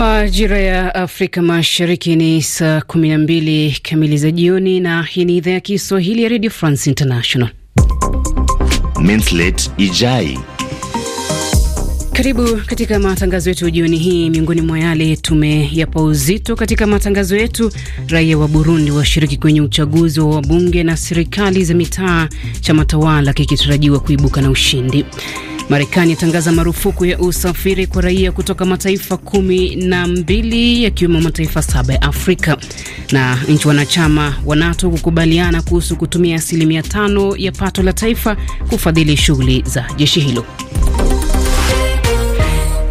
Majira ya Afrika Mashariki ni saa 12 kamili za jioni, na hii ni idhaa ya Kiswahili ya Radio France International. minslate Ijai karibu katika matangazo yetu jioni hii. Miongoni mwa yale tumeyapa uzito katika matangazo yetu: raia wa Burundi washiriki kwenye uchaguzi wa wabunge na serikali za mitaa, chama tawala kikitarajiwa kuibuka na ushindi. Marekani yatangaza marufuku ya usafiri kwa raia kutoka mataifa kumi na mbili yakiwemo mataifa saba ya Afrika. Na nchi wanachama wa NATO kukubaliana kuhusu kutumia asilimia tano ya pato la taifa kufadhili shughuli za jeshi hilo.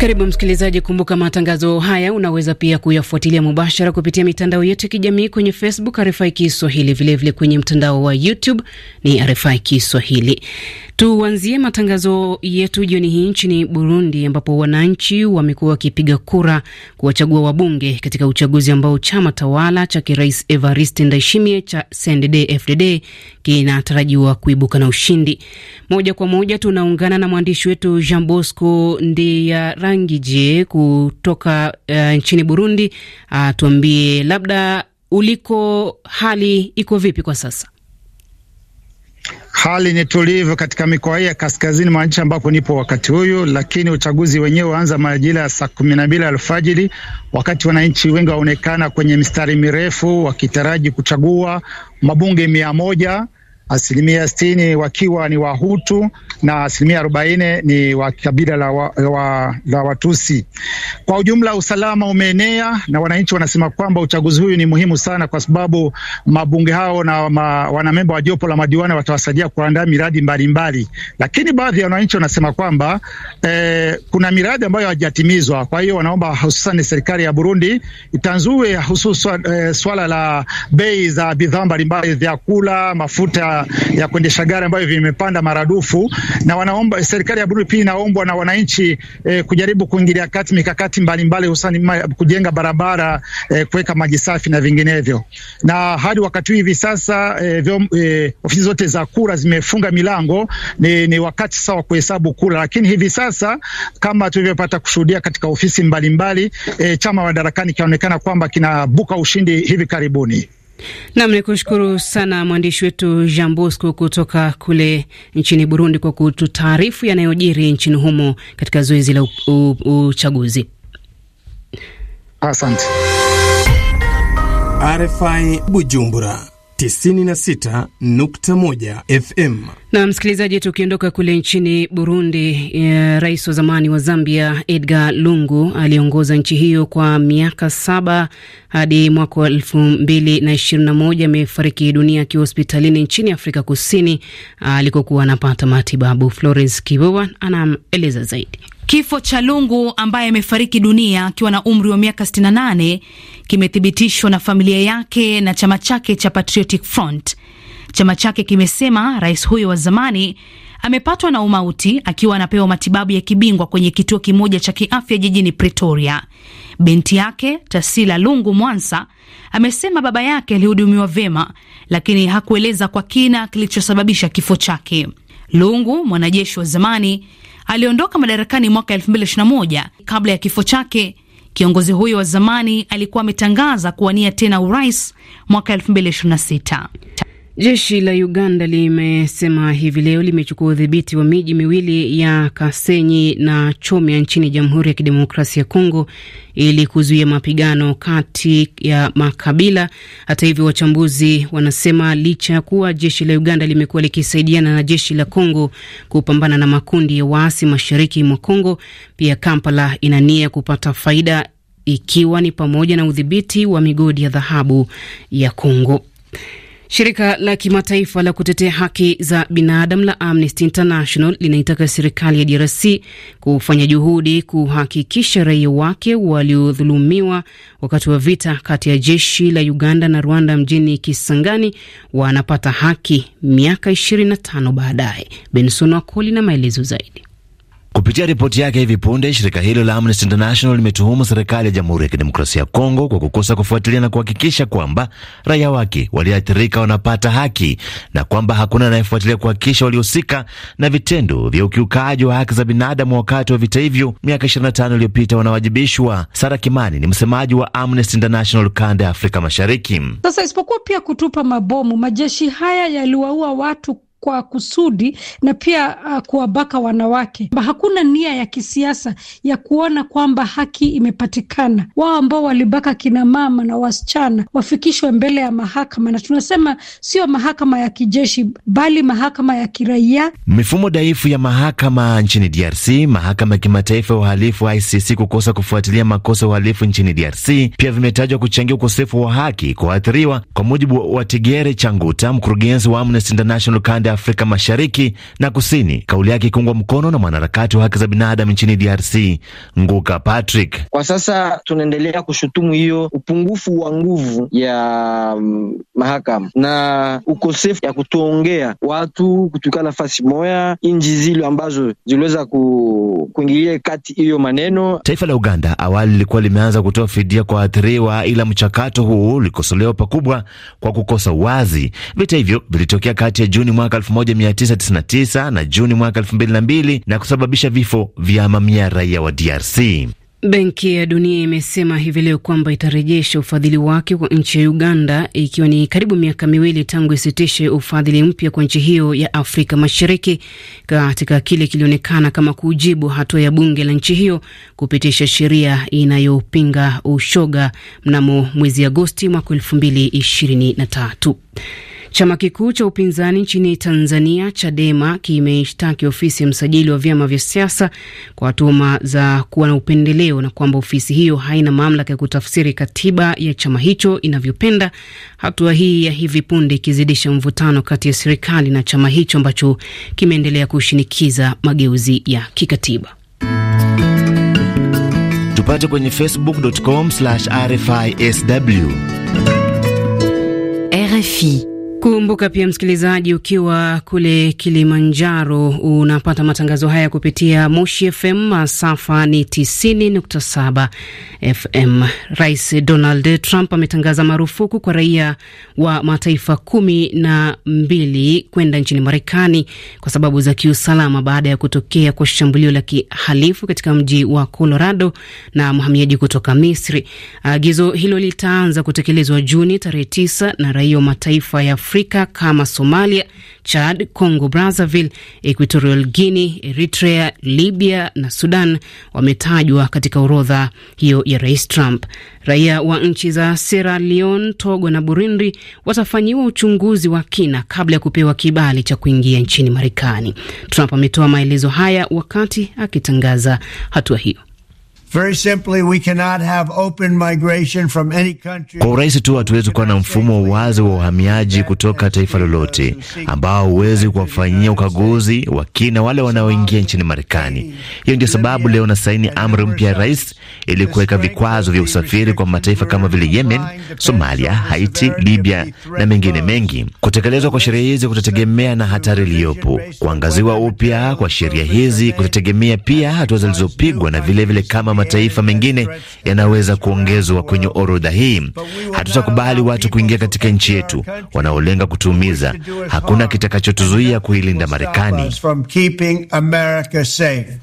Karibu msikilizaji, kumbuka matangazo haya unaweza pia kuyafuatilia mubashara kupitia mitandao yetu ya kijamii kwenye Facebook RFI Kiswahili, vilevile kwenye mtandao wa YouTube ni RFI Kiswahili. Tuanzie matangazo yetu jioni hii nchini Burundi, ambapo wananchi wamekuwa wakipiga kura kuwachagua wabunge katika uchaguzi ambao chama tawala cha kirais Evariste Ndayishimiye cha CNDD-FDD kinatarajiwa kuibuka na ushindi. Moja kwa moja tunaungana na mwandishi wetu Jean Bosco Ndia rangi je kutoka uh, nchini Burundi Uh, tuambie labda uliko hali iko vipi kwa sasa? Hali ni tulivu katika mikoa hii ya kaskazini mwa nchi ambapo nipo wakati huyu, lakini uchaguzi wenyewe waanza majira ya saa kumi na mbili alfajiri, wakati wananchi wengi waonekana kwenye mistari mirefu wakitaraji kuchagua mabunge mia moja asilimia sitini wakiwa ni Wahutu na asilimia arobaini ni wa kabila la, wa, la Watusi. Kwa ujumla usalama umeenea na wananchi wanasema kwamba uchaguzi huyu ni muhimu sana, kwa sababu mabunge hao na ma, wanamemba wa jopo la madiwani watawasaidia kuandaa miradi mbalimbali mbali. Lakini baadhi ya wananchi wanasema kwamba eh, kuna miradi ambayo hajatimizwa. Kwa hiyo wanaomba hususan serikali ya Burundi itanzue hususan eh, swala la bei za bidhaa mbalimbali, vyakula, mafuta ya kuendesha gari ambayo vimepanda maradufu, na wanaomba serikali ya Burundi pia inaombwa na wananchi eh, kujaribu kuingilia kati mikakati mikakati mbalimbali hususani kujenga barabara eh, kuweka maji safi na vinginevyo. Na hadi wakati huu hivi sasa eh, vyo, eh, ofisi zote za kura zimefunga milango. Ni, ni wakati sawa kuhesabu kura, lakini hivi sasa kama tulivyopata kushuhudia katika ofisi mbalimbali mbali, eh, chama madarakani kinaonekana kwamba kinabuka ushindi hivi karibuni. Nam, ni kushukuru sana mwandishi wetu Jean Bosco kutoka kule nchini Burundi kwa kututaarifu yanayojiri nchini humo katika zoezi la uchaguzi. Asante. RFI Bujumbura 96.1 FM. Na msikilizaji, tukiondoka kule nchini Burundi, eh, rais wa zamani wa Zambia Edgar Lungu aliongoza nchi hiyo kwa miaka saba hadi mwaka wa elfu mbili na ishirini na moja amefariki dunia akiwa hospitalini nchini Afrika Kusini alikokuwa anapata matibabu. Florence kivoa anaeleza zaidi. Kifo cha Lungu ambaye amefariki dunia akiwa na umri wa miaka 68 kimethibitishwa na familia yake na chama chake cha Patriotic Front. Chama chake kimesema rais huyo wa zamani amepatwa na umauti akiwa anapewa matibabu ya kibingwa kwenye kituo kimoja cha kiafya jijini Pretoria. Binti yake Tasila Lungu Mwansa amesema baba yake alihudumiwa vema lakini hakueleza kwa kina kilichosababisha kifo chake. Lungu, mwanajeshi wa zamani, aliondoka madarakani mwaka 2021. Kabla ya kifo chake, kiongozi huyo wa zamani alikuwa ametangaza kuwania tena urais mwaka 2026. Jeshi la Uganda limesema hivi leo limechukua udhibiti wa miji miwili ya Kasenyi na Chomya nchini Jamhuri ya Kidemokrasia ya Kongo ili kuzuia mapigano kati ya makabila. Hata hivyo, wachambuzi wanasema licha ya kuwa jeshi la Uganda limekuwa likisaidiana na jeshi la Kongo kupambana na makundi ya waasi mashariki mwa Kongo, pia Kampala ina nia kupata faida ikiwa ni pamoja na udhibiti wa migodi ya dhahabu ya Kongo. Shirika la kimataifa la kutetea haki za binadamu la Amnesty International linaitaka serikali ya DRC kufanya juhudi kuhakikisha raia wake waliodhulumiwa wakati wa vita kati ya jeshi la Uganda na Rwanda mjini Kisangani wanapata haki miaka 25 baadaye. Benson Wakoli na maelezo zaidi. Kupitia ripoti yake hivi punde, shirika hilo la Amnesty International limetuhumu serikali ya Jamhuri ya Kidemokrasia ya Kongo kwa kukosa kufuatilia na kuhakikisha kwamba raia wake walioathirika wanapata haki na kwamba hakuna anayefuatilia kuhakikisha waliohusika na vitendo vya ukiukaji wa haki za binadamu wakati wa vita hivyo miaka 25 iliyopita wanawajibishwa. Sara Kimani ni msemaji wa Amnesty International kanda ya Afrika Mashariki. Sasa isipokuwa pia kutupa mabomu, majeshi haya yaliwaua watu kwa kusudi na pia uh, kuwabaka wanawake. Hakuna nia ya kisiasa ya kuona kwamba haki imepatikana. Wao ambao walibaka kina mama na wasichana wafikishwe mbele ya mahakama, na tunasema sio mahakama ya kijeshi, bali mahakama ya kiraia. Mifumo dhaifu ya mahakama nchini DRC, mahakama ya kimataifa ya uhalifu ICC kukosa kufuatilia makosa ya uhalifu nchini DRC pia vimetajwa kuchangia ukosefu wa haki kuathiriwa kwa mujibu wa Tigere Changuta, mkurugenzi wa Amnesty International kanda Afrika Mashariki na Kusini, kauli yake ikiungwa mkono na mwanaharakati wa haki za binadamu nchini DRC Nguka Patrick. Kwa sasa tunaendelea kushutumu hiyo upungufu wa nguvu ya mm, mahakama na ukosefu ya kutuongea watu kutuika nafasi moya, nji zile ambazo ziliweza ku, kuingilia kati hiyo maneno. Taifa la Uganda awali lilikuwa limeanza kutoa fidia kwa waathiriwa, ila mchakato huu ulikosolewa pakubwa kwa kukosa uwazi. Vita hivyo vilitokea kati ya Juni mwaka 1999 na Juni mwaka 2002 na kusababisha vifo vya mamia raia wa DRC. Benki ya Dunia imesema hivi leo kwamba itarejesha ufadhili wake kwa nchi ya Uganda ikiwa ni karibu miaka miwili tangu isitishe ufadhili mpya kwa nchi hiyo ya Afrika Mashariki katika kile kilionekana kama kujibu hatua ya bunge la nchi hiyo kupitisha sheria inayopinga ushoga mnamo mwezi Agosti mwaka 2023. Chama kikuu cha upinzani nchini Tanzania, Chadema, kimeshtaki ofisi ya msajili wa vyama vya siasa kwa tuhuma za kuwa na upendeleo na kwamba ofisi hiyo haina mamlaka ya kutafsiri katiba ya chama hicho inavyopenda, hatua hii ya hivi punde ikizidisha mvutano kati ya serikali na chama hicho ambacho kimeendelea kushinikiza mageuzi ya kikatiba. Tupate kwenye facebook.com/rfisw. RFI Kumbuka pia msikilizaji, ukiwa kule Kilimanjaro unapata matangazo haya kupitia Moshi FM, masafa ni 90.7 FM. Rais Donald Trump ametangaza marufuku kwa raia wa mataifa kumi na mbili kwenda nchini Marekani kwa sababu za kiusalama baada ya kutokea kwa shambulio la kihalifu katika mji wa Colorado na mhamiaji kutoka Misri. Agizo hilo litaanza kutekelezwa Juni tarehe 9 na raia wa mataifa ya Afrika kama Somalia, Chad, Congo Brazzaville, Equatorial Guinea, Eritrea, Libya na Sudan wametajwa katika orodha hiyo ya Rais Trump. Raia wa nchi za Sierra Leone, Togo na Burundi watafanyiwa uchunguzi wa kina kabla ya kupewa kibali cha kuingia nchini Marekani. Trump ametoa maelezo haya wakati akitangaza hatua hiyo. Very simply, we cannot have open migration from any country. Kwa urahisi tu hatuwezi kuwa na mfumo wa wazi wa uhamiaji kutoka taifa lolote ambao huwezi kuwafanyia ukaguzi wa kina wale wanaoingia nchini Marekani. Hiyo ndio sababu leo nasaini amri mpya ya rais ili kuweka vikwazo vya usafiri kwa mataifa kama vile Yemen, Somalia, Haiti, Libya na mengine mengi. Kutekelezwa kwa sheria hizi kutategemea na hatari iliyopo. Kuangaziwa upya kwa sheria hizi kutategemea pia hatua zilizopigwa na vilevile vile kama mataifa mengine yanaweza kuongezwa kwenye orodha hii. Hatutakubali watu kuingia katika nchi yetu wanaolenga kutuumiza. Hakuna kitakachotuzuia kuilinda Marekani.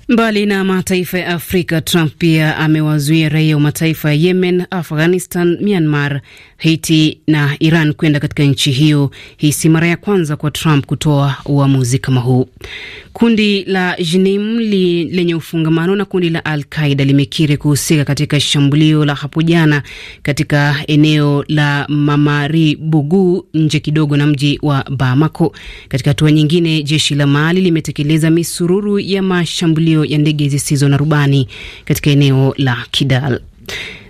Mbali na mataifa ya Afrika, Trump pia amewazuia raia wa mataifa ya Yemen, Afghanistan, Myanmar, Haiti na Iran kwenda katika nchi hiyo. Hii si mara ya kwanza kwa Trump kutoa uamuzi kama huu. Kundi la Jinim lenye ufungamano na kundi la Al Qaida lime kiri kuhusika katika shambulio la hapo jana katika eneo la mamari bugu nje kidogo na mji wa Bamako. Katika hatua nyingine, jeshi la Mali limetekeleza misururu ya mashambulio ya ndege zisizo na rubani katika eneo la Kidal.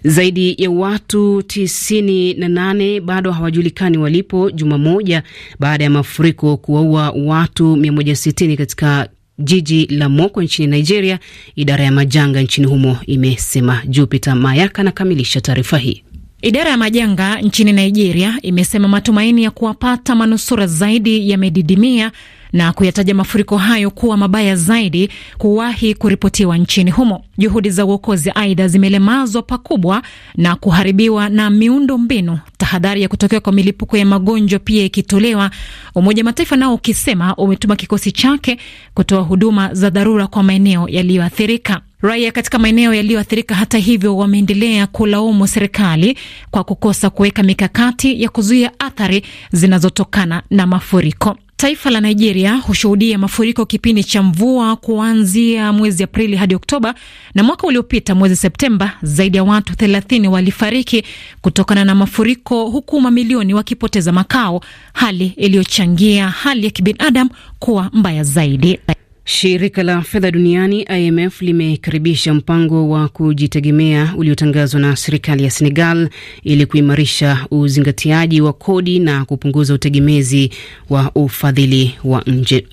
Zaidi ya watu tisini na nane bado hawajulikani walipo juma moja baada ya mafuriko kuwaua watu 160 katika jiji la Moko nchini Nigeria, idara ya majanga nchini humo imesema. Jupiter Mayaka anakamilisha taarifa hii. Idara ya majanga nchini Nigeria imesema matumaini ya kuwapata manusura zaidi yamedidimia na kuyataja mafuriko hayo kuwa mabaya zaidi kuwahi kuripotiwa nchini humo. Juhudi za uokozi aidha zimelemazwa pakubwa na kuharibiwa na miundo mbinu, tahadhari ya kutokea kwa milipuko ya magonjwa pia ikitolewa, Umoja Mataifa nao ukisema umetuma kikosi chake kutoa huduma za dharura kwa maeneo yaliyoathirika. Raia katika maeneo yaliyoathirika, hata hivyo, wameendelea kulaumu serikali kwa kukosa kuweka mikakati ya kuzuia athari zinazotokana na mafuriko. Taifa la Nigeria hushuhudia mafuriko kipindi cha mvua kuanzia mwezi Aprili hadi Oktoba, na mwaka uliopita mwezi Septemba zaidi ya watu 30 walifariki kutokana na mafuriko, huku mamilioni wakipoteza makao, hali iliyochangia hali ya kibinadamu kuwa mbaya zaidi. Shirika la fedha duniani IMF limekaribisha mpango wa kujitegemea uliotangazwa na serikali ya Senegal ili kuimarisha uzingatiaji wa kodi na kupunguza utegemezi wa ufadhili wa nje.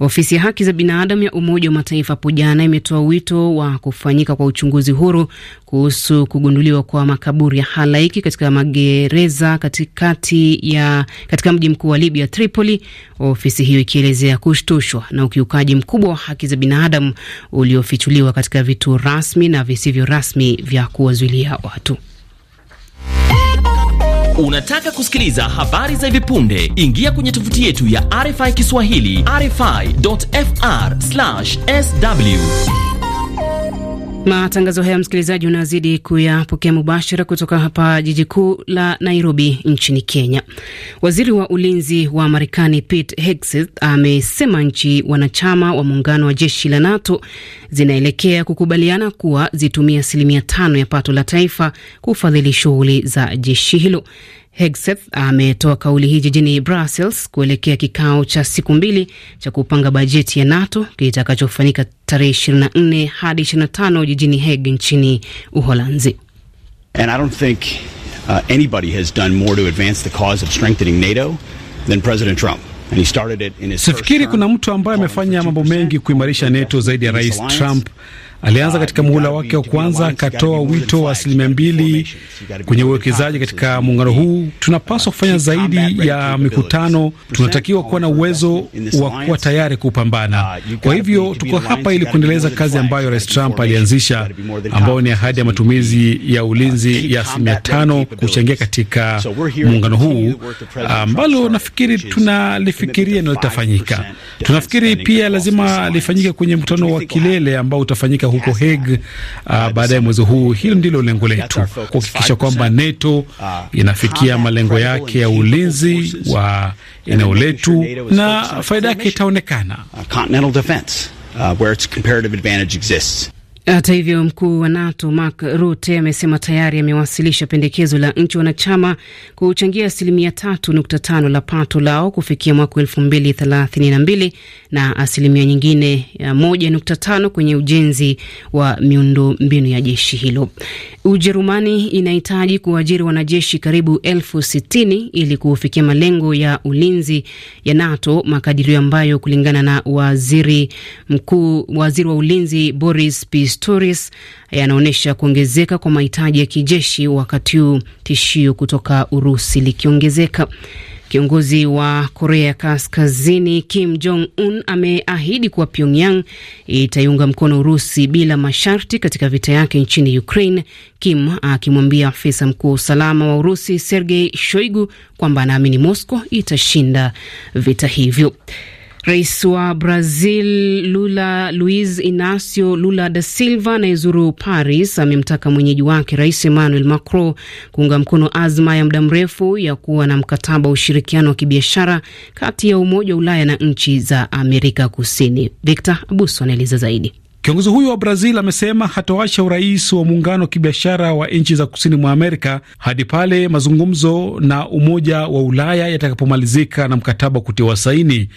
Ofisi ya haki za binadamu ya Umoja wa Mataifa hapo jana imetoa wito wa kufanyika kwa uchunguzi huru kuhusu kugunduliwa kwa makaburi ya halaiki katika magereza katikati ya katika mji mkuu wa Libya, Tripoli, ofisi hiyo ikielezea kushtushwa na ukiukaji mkubwa wa haki za binadamu uliofichuliwa katika vituo rasmi na visivyo rasmi vya kuwazuilia watu. Unataka kusikiliza habari za hivi punde? Ingia kwenye tovuti yetu ya RFI Kiswahili, rfi.fr/sw. Matangazo haya msikilizaji, unazidi kuyapokea mubashara kutoka hapa jiji kuu la Nairobi nchini Kenya. Waziri wa ulinzi wa Marekani Pete Hegseth amesema nchi wanachama wa muungano wa jeshi la NATO zinaelekea kukubaliana kuwa zitumie asilimia tano ya pato la taifa kufadhili shughuli za jeshi hilo. Hegseth ametoa kauli hii jijini Brussels kuelekea kikao cha siku mbili cha kupanga bajeti ya NATO kitakachofanyika tarehe 24 hadi 25 jijini Hague nchini Uholanzi. And I don't think, uh, anybody has done more to advance the cause of strengthening NATO than President Trump. Sifikiri kuna mtu ambaye amefanya mambo mengi kuimarisha NATO zaidi ya Rais Trump Alianza ah, katika muhula wake wa kwanza, akatoa wito wa asilimia mbili kwenye uwekezaji katika muungano huu. Tunapaswa kufanya zaidi ya mikutano, tunatakiwa kuwa na uwezo wa kuwa tayari kupambana. Ah, Kwa hivyo tuko hapa ili kuendeleza kazi ambayo Rais Trump alianzisha, ambayo ni ahadi ya matumizi ah, ya ulinzi ya asilimia tano kuchangia katika muungano huu, ambalo nafikiri tunalifikiria na litafanyika. Tunafikiri pia lazima lifanyike kwenye mkutano wa kilele ambao utafanyika huko Hague uh, baadaye mwezi huu. Hili ndilo lengo letu, kuhakikisha kwamba NATO ah. inafikia malengo yake ya ulinzi wa eneo letu na faida yake itaonekana. Uh, hata hivyo mkuu wa NATO Mark Rutte amesema tayari amewasilisha pendekezo la nchi wanachama kuchangia asilimia tatu nukta tano la pato lao kufikia mwaka elfu mbili thelathini na mbili na asilimia nyingine eh, moja nukta tano kwenye ujenzi wa miundo mbinu ya jeshi hilo. Ujerumani inahitaji kuajiri wanajeshi karibu elfu sitini ili kufikia malengo ya ulinzi ya NATO, makadirio ambayo kulingana na waziri mkuu, waziri wa ulinzi Boris Pistorius Pistoris yanaonyesha kuongezeka kwa mahitaji ya kijeshi, wakati huu tishio kutoka Urusi likiongezeka. Kiongozi wa Korea ya Kaskazini Kim Jong Un ameahidi kuwa Pyongyang itaiunga mkono Urusi bila masharti katika vita yake nchini Ukraine, Kim akimwambia afisa mkuu wa usalama wa Urusi Sergei Shoigu kwamba anaamini Moscow itashinda vita hivyo. Rais wa Brazil Lula Luis Inacio Lula da Silva anayezuru Paris amemtaka mwenyeji wake Rais Emmanuel Macron kuunga mkono azma ya muda mrefu ya kuwa na mkataba wa ushirikiano wa kibiashara kati ya Umoja wa Ulaya na nchi za Amerika Kusini. Victor Abuso anaeleza zaidi. Kiongozi huyo wa Brazil amesema hatoacha urais wa muungano wa kibiashara wa nchi za kusini mwa Amerika hadi pale mazungumzo na Umoja wa Ulaya yatakapomalizika na mkataba wa kutiwa saini.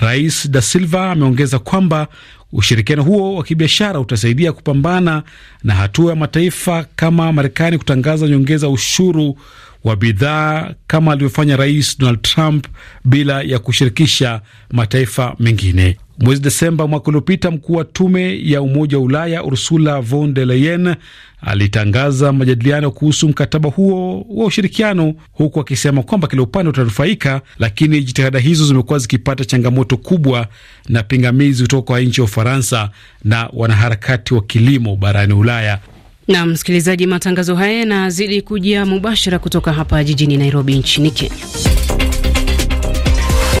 Rais Da Silva ameongeza kwamba ushirikiano huo wa kibiashara utasaidia kupambana na hatua ya mataifa kama Marekani kutangaza nyongeza ushuru wa bidhaa kama alivyofanya Rais Donald Trump bila ya kushirikisha mataifa mengine. Mwezi Desemba mwaka uliopita, mkuu wa tume ya Umoja wa Ulaya Ursula von der Leyen alitangaza majadiliano kuhusu mkataba huo wa ushirikiano, huku akisema kwamba kila upande utanufaika, lakini jitihada hizo zimekuwa zikipata changamoto kubwa na pingamizi kutoka kwa nchi ya Ufaransa na wanaharakati wa kilimo barani Ulaya. Na msikilizaji, matangazo haya yanazidi kujia mubashara kutoka hapa jijini Nairobi nchini Kenya.